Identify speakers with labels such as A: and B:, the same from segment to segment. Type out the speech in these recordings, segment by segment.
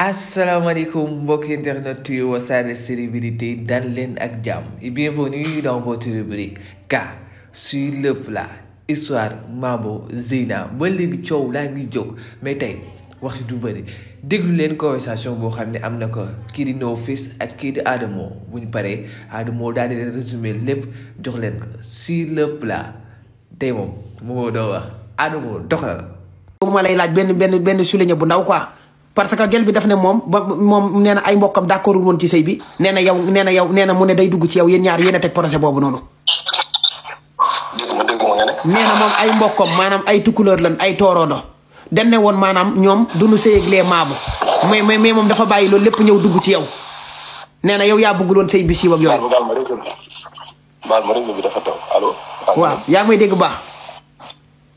A: asalaamaaleykum mbokki internet yu wasaare célébrité dal leen ak jàmm et bienvenue dans votre rubrique K sur le plat histoire Mabo Zeyna ba léegi coow laa ngi jog mais tey wax du bari déglu leen conversation boo xam ne am na ko kii di No Face ak kii di Adamo bu ñu paree Adamo daal di leen résumé lépp jox leen ko sur le plat tey moom moo doo wax Adamo
B: doxal la. ma laaj benn benn benn souligné bu ndaw quoi. parce que gel bi daf ne moom ba moom nee na ay mbokkam d'accord woon ci sëy bi nee na yow nee na yow nee mu ne day dugg ci a teg projet boobu noonu. nee na ay mbokkam maanaam ay tukkuleur lan ay tooroodo dañ ne woon maanaam ñoom du ñu sëy mais mais mais moom dafa bàyyi loolu lépp ñëw dugg ci yow nee na yow yaa bëggul woon sëy bi siiw ak yooyu. waaw yaa dégg bu baax.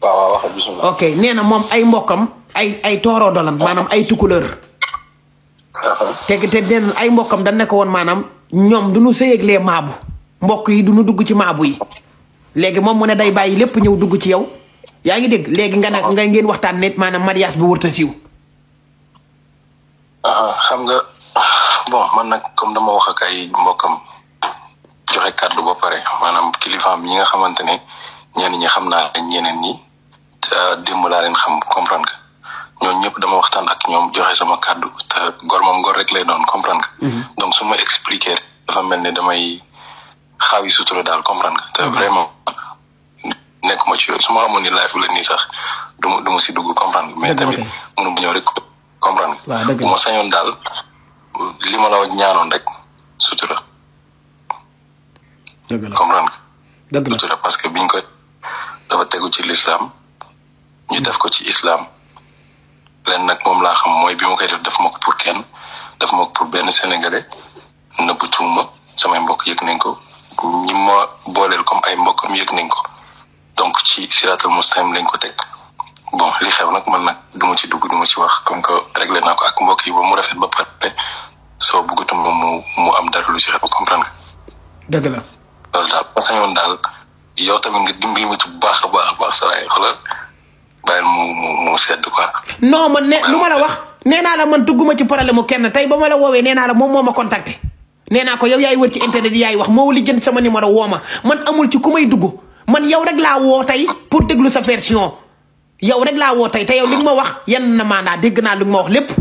C: waaw
B: na moom ay mbokkam. ay ay tooroo dolan maanaam ay tukulër uh-huh. te den ay mbokkam dañ ne ko woon maanaam ñoom du ñu sëyeeg les maabu mbokk yi du ñu dugg ci maabu yi léegi moom mu ne day bàyyi lépp ñëw dugg ci yow yaa ngi dégg léegi nga nag uh-huh. nga ngeen waxtaan ne maanaam mariage bi wërta siiw
C: uh-huh. xam nga bon man nag comme dama wax ak mbokkam joxe kàddu ba pare maanaam kilifaam ñi nga xamante ne ñenn ñi xam naa ñeneen ñi démb laa leen xam comprendre nga ñoom ñëpp dama waxtaan ak ñoom joxe sama kaddu te gor moom gor rek lay doon comprendre nga mhm. donc su ma expliquer dafa mel ne damay xaawi sutura daal comprendre nga te mhm. vraiment nekk ma ci yooyu su ma amoon ni live la nii sax du ma du ma si dugg comprendre nga mais tamit mënu ma ñëw rek comprendre nga bu ma sañoon daal li ma la wax ñaanoon rek sutura comprendre nga sutura parce que biñ ko dafa tegu ci l'islam ñu def ko ci islam lenn nag moom laa xam mooy bi ma koy def def ma ko pour kenn def ma pour benn sénégalais nëbbu tuuma samay mbokk yëg nañ ko ñi ma booleel ay mbokkam yëg nañ ko donc ci siraatal mustaqim lañ ko teg bon li xew nag man nag du ma ci dugg du ci wax comme réglé naa ko ak mbokk yi ba mu rafet ba pare soo bëggatuma mu mu am dara lu ci xew comprendre nga. dëgg la. loolu daal ba sañoon daal yow tamit nga dimbali ci bu baax a baax a baax saa waay xoolal bàyyil mu mu sedd quoi.
B: non man ne lu ma la wax nee naa la man dugg ma ci problème mu kenn tey ba ma la woowee nee naa la moom moo ma contacté. nee naa ko yow yaay wër ci internet yaay wax moo li jënd sama numéro woo ma man amul ci ku may dugg man yow rek laa woo tey pour déglu sa version yow rek laa woo tey te yow li nga ma wax yan na maanaa dégg naa li ma wax lépp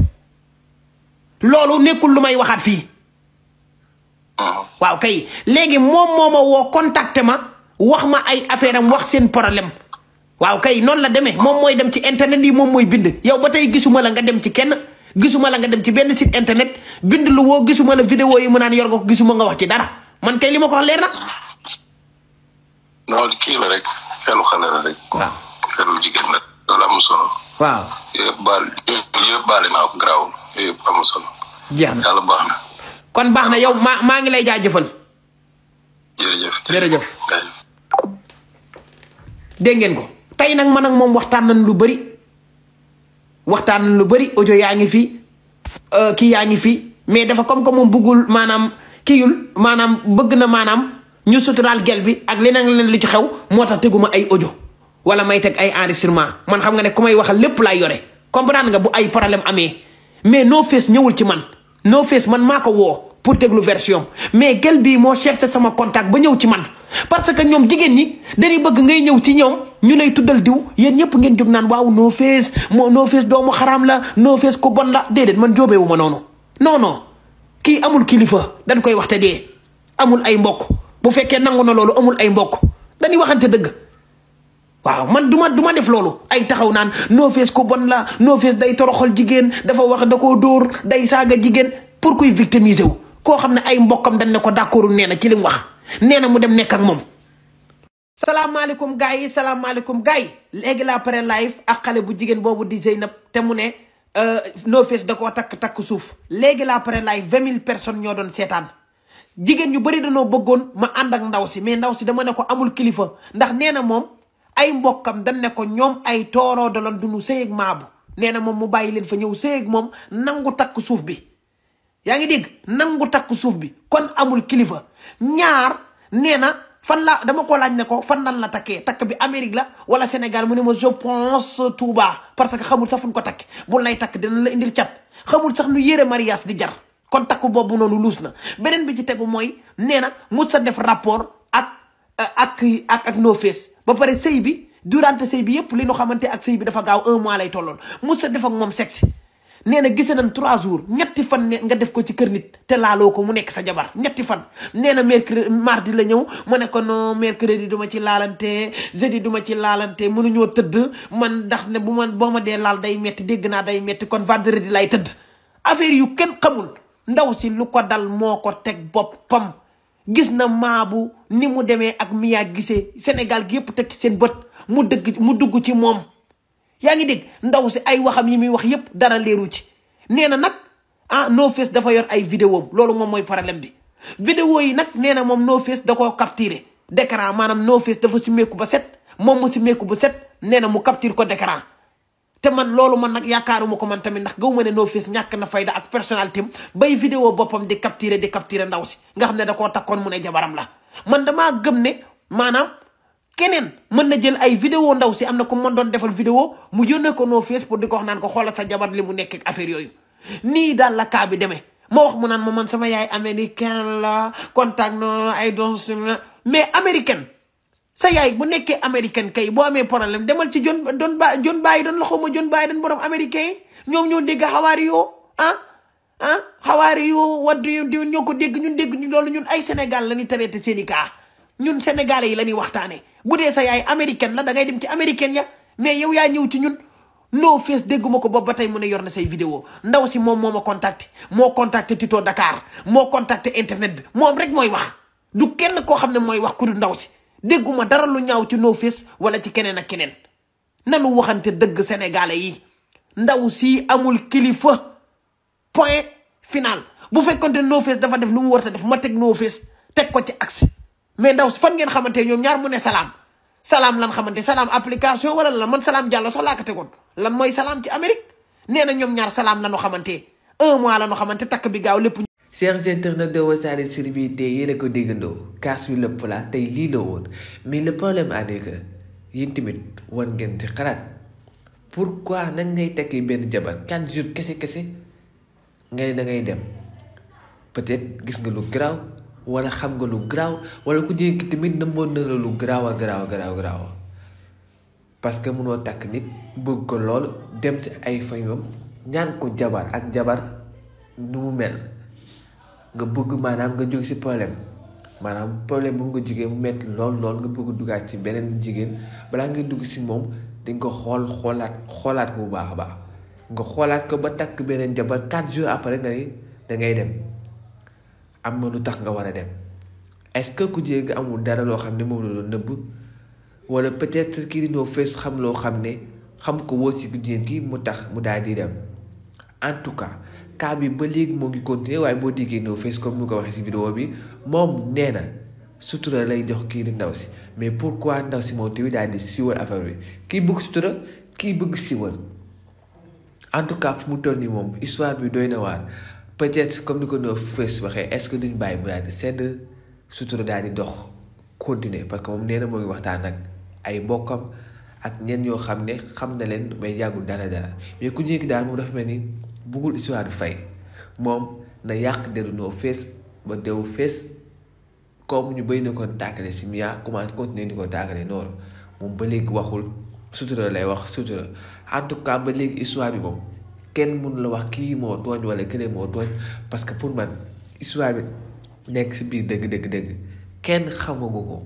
B: loolu nekkul lu may waxaat fii. Mm-hmm. waaw kay léegi moom moo ma woo contacté ma wax ma ay affaire am wax seen problème. waaw kay non la demee moom mooy dem ci internet yi moom mooy bind yow ba tey gisuma la nga dem ci kenn gisuma la nga dem ci benn site internet bind lu woo gisuma la vidéo yi mu naan yor nga ko gisuma nga wax ci dara man kay li ma ko wax leer na.
C: non kii la rek xelu xale la rek. waaw xelu jigéen la loolu solo. waaw yëpp baal yëpp baale naa ko garaawul yëpp am solo. jeex na yàlla baax na.
B: kon baax na yow maa maa ngi lay jaajëfal.
C: jërëjëf jërëjëf.
B: dégg ngeen ko. tey nag man ak moom waxtaan nañ lu bëri waxtaan nañ lu bëri audio yaa ngi fi euh, kii yaa ngi fi mais dafa comme que moom bëggul maanaam kiyul maanaam bëgg na maanaam ñu suturaal gel bi ak leneen leen li ci xew moo tax teguma ay audio wala may teg ay enregistrement man xam nga ne ku may waxal lépp laay yore comprendre nga bu ay problème amee mais noo fees ñëwul ci man noo fees man maa ko woo pour déglu version mais gel bi moo cherché sama contact ba ñew ci man parce que ñom jigen ni dañuy bëgg ngay ñew ci ñom ñu lay tuddal diw yeen ngeen jog naan waaw no face mo no face doomu kharam la no face ku bon la dedet man jobé wu ma nono non non amul kilifa dañ koy waxte dé amul ay mbokk bu féké nangu na lolu amul ay mbokk dañuy waxanté dëgg waaw man duma duma def lolu ay taxaw naan no face ku bon la no face day toroxol jigen dafa wax da koo day saga jigen pour kuy victimiser wu koo xam ne ay mbokkam dañ ne ko d'accord nee na ci li wax nee na mu dem nekk ak moom. salaamaaleykum gars yi salaamaaleykum gars yi léegi laa pare live ak xale bu jigéen boobu di Zeynab te mu ne euh, No Face da koo takk takk suuf léegi laa pare live vingt mille personnes ñoo doon seetaan jigéen ñu bëri danoo bëggoon ma ànd ak ndaw si mais ndaw si dama ne ko amul kilifa ndax nee na moom ay mbokkam dañ nekko ñoom ay tooroo daloon du ñu sëy maabu nee na moom mu bàyyi leen fa ñëw sëy moom nangu takk suuf bi. yaa ngi dégg nangu takk suuf bi kon amul kilifa ñaar nee na fan la dama ko laaj ne ko fan lan la takkee takk bi Amérique la wala Sénégal mu ne ma je pense Touba parce que xamul sax fu ñu ko takk bu lay takk dina la indil cat xamul sax nu yére mariage di jar kon takk boobu noonu luus na beneen bi ci tegu mooy nee na mu sa def rapport ak eh, ak ak ak no face ba pare sëy bi durante sëy bi yëpp li nu xamante ak sëy bi dafa gaaw un mois lay tolloon mu sa def ak moom sexe nee na gise nañ trois jours ñetti fan ne nga def ko ci kër nit te laaloo ko mu nekk sa jabar ñetti fan nee na mercredi mardi la ñëw mu ne ko non mercredi duma ci laalante jeudi duma ci laalante mënuñoo tëdd man ndax ne bu man boo ma dee laal day metti dégg naa day metti kon vendredi lay tëdd affaire yu kenn xamul ndaw si lu ko dal moo ko teg boppam gis na maabu ni mu demee ak Mia gisee Sénégal gi yëpp teg ci seen bët mu dëgg mu dugg ci moom yaa ngi dégg ndaw si ay waxam yi muy wax yépp dara leeru ci nee na nag ah No Face dafa yor ay vidéo loolu moom mooy problème bi vidéo yi nag nee na moom No Face da koo capturé d'écran maanaam No Face dafa simmeeku ba set moom mu simmeeku ba set nee na mu capture ko d'écran te man loolu man nag yaakaaruma ko man tamit ndax gaw ma ne No Face ñàkk na fayda ak personnalité am bay vidéo boppam di capturé di capturé ndaw si nga xam ne da koo takkoon mu ne jabaram la man dama gëm ne keneen mën na jël ay vidéo ndaw si am na ko mën doon defal vidéo mu na ko noo fees pour di ko wax naan ko xoolal sa jabar li mu nekk ak affaire yooyu nii daal la kaa bi demee ma wax mu naan ma man sama yaay américain la contact na ay don mais américaine sa yaay bu nekkee américaine kay boo amee problème demal ci John John John Biden la xaw ma John Biden borom américain yi ñoom ñoo dégg xawaari yoo ah ah xawaari yoo what do you do ñoo ko dégg ñun dégg ñu loolu ñun ay Sénégal la ñu traité seen i cas ñun sénégalais yi la waxtaane bu dee sa yaay américaine la dangay dem ci américaine ya mais yow yaa ñëw ci ñun no face dégguma ko ba ba tey mu ne yor na say vidéo ndaw si moom moo ma contacté moo contacté Tito Dakar moo contacté internet bi moom rek mooy wax du kenn koo xam ne mooy wax ku du ndaw si dégguma dara lu ñaaw ci no face wala ci keneen ak keneen nanu waxante dëgg sénégalais yi ndaw si amul kilifa point final bu fekkonte no face dafa def lu mu war a def ma teg no face teg ko ci accès mais ndaw si fan ngeen xamante ñoom ñaar mu ne salaam salaam lan xamante salaam application wala la man salaam jàllo sax laa ko tegoon lan mooy salaam ci Amérique nee na ñoom ñaar salaam la ñu xamante un mois la xamante
A: takk bi gaaw lépp. chers internautes de Wassare Célébrité yéen a ko déggandoo casse sur le plat tey lii la woon mais le problème à nekk tamit war ngeen ci xalaat pourquoi nan ngay takki benn jabar quatre jours kese kese nga ne da ngay dem peut gis nga lu garaaw. wala xam nga lu graw wala ku jékki tamit nëmboon na la lu graw a graw graw graw parce que mënoo takk nit bëgg ko lool dem ci ay fañoom ñaan ko jabar ak jabar nu mu mel nga bëgg maanaam nga jóg si problème maanaam problème bu nga jógee mu metti lool lool nga bëgg duggaat ci beneen jigéen balaa ngay dugg si moom di nga xool xoolaat xoolaat bu baax a baax nga xoolaat ko ba takk beneen jabar 4 jours après nga ni da ngay dem am na lu tax nga war a dem est-ce que ku jege amul dara loo xam ne moom la doon nëbb wala peut-être kii di ñëw fees xam loo xam ne xam ko woo si ki mu tax mu daal di dem en tout cas cas bi ba léegi moo ngi continuer waaye boo déggee ñëw fees comme nu ko waxee si vidéo bi moom nee na sutura lay jox kii di ndaw si mais pourquoi ndaw si moom tamit daal di siwal affaire bi kii bëgg sutura kii bëgg siwal en tout cas fu mu toll nii moom histoire bi dooy na peut-être comme ni ko noo fees waxee est-ce que ñu bàyyi mu daal di sedd sutura daal di dox continuer parce que moom nee na waxtaan ak ay mbokkam ak ñenn ñoo xam ne xam na leen may yàggul dara dara mais ku njëkk daal moom dafa mel ni bëggul histoire fay moom na yàq deru noo fees ba dew fees comme ñu bëy na ko tàggale si Mia commencé continuer di ko tàggale noonu moom ba léegi waxul sutura lay wax sutura en tout cas ba léegi histoire bi moom. kenn mënu la wax kii moo tooñ wala kële moo tooñ parce que pour man histoire bi nekk si biir dëgg dëgg dëgg kenn xamagu ko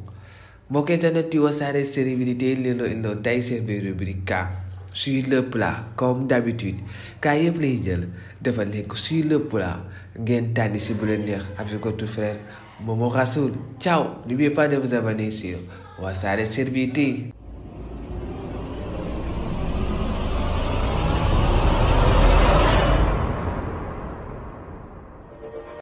A: mbokk internet yi Wassare série bi di tey leen loo indiloon tey seen biir rubrique cas sur le plat comme d'habitude cas yëpp lay jël defal leen ko sur le plat ngeen tànni si bu leen neex avec votre frère Momo Rassoul ciao n'oubliez pas de vous abonner sur wa série bi